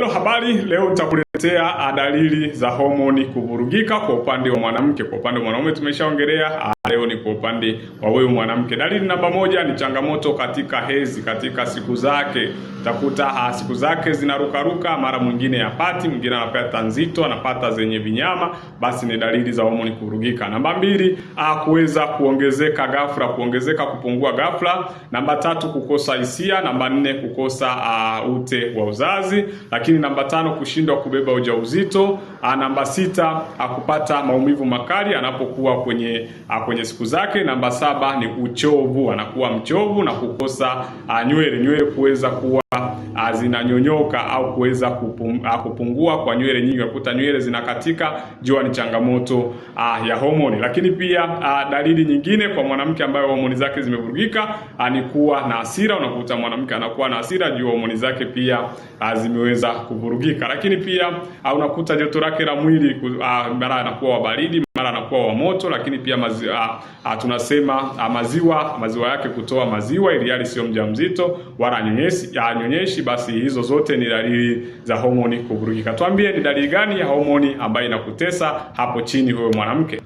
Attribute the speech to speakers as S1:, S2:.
S1: Hello, habari. Leo nitakuletea dalili za homoni kuvurugika kwa upande wa mwanamke. Kwa upande wa mwanaume tumeshaongelea, ah, leo ni kwa upande wa wewe mwanamke. Dalili namba moja ni changamoto katika hezi katika siku zake utakuta ah, siku zake zinarukaruka, mara mwingine yapati, mwingine anapata nzito, anapata zenye vinyama, basi ni dalili za homoni kuvurugika. Namba mbili, ah, kuweza kuongezeka ghafla, kuongezeka kupungua ghafla. Namba tatu, kukosa hisia. Namba nne, kukosa ah, ute wa uzazi. Lakini namba tano, kushindwa kubeba ujauzito. Namba sita, kupata maumivu makali anapokuwa kwenye kwenye siku zake. Namba saba ni uchovu, anakuwa mchovu na kukosa nywele nywele kuweza kuwa zinanyonyoka au kuweza ah, kupungua kwa nywele nyingi, unakuta nywele zinakatika, jua ni changamoto ah, ya homoni. Lakini pia ah, dalili nyingine kwa mwanamke ambaye homoni zake zimevurugika ni kuwa na hasira. Unakuta mwanamke anakuwa na hasira jua homoni zake pia zimeweza kuvurugika. Lakini pia unakuta joto lake la mwili mara anakuwa baridi mara anakuwa wa moto, lakini pia mazi, a, a, tunasema a, maziwa maziwa yake kutoa maziwa ili hali sio mjamzito wala anyonyeshi, anyonyeshi, basi hizo zote ni dalili za homoni kuvurugika. Tuambie ni dalili gani ya homoni ambayo inakutesa hapo chini huyo mwanamke.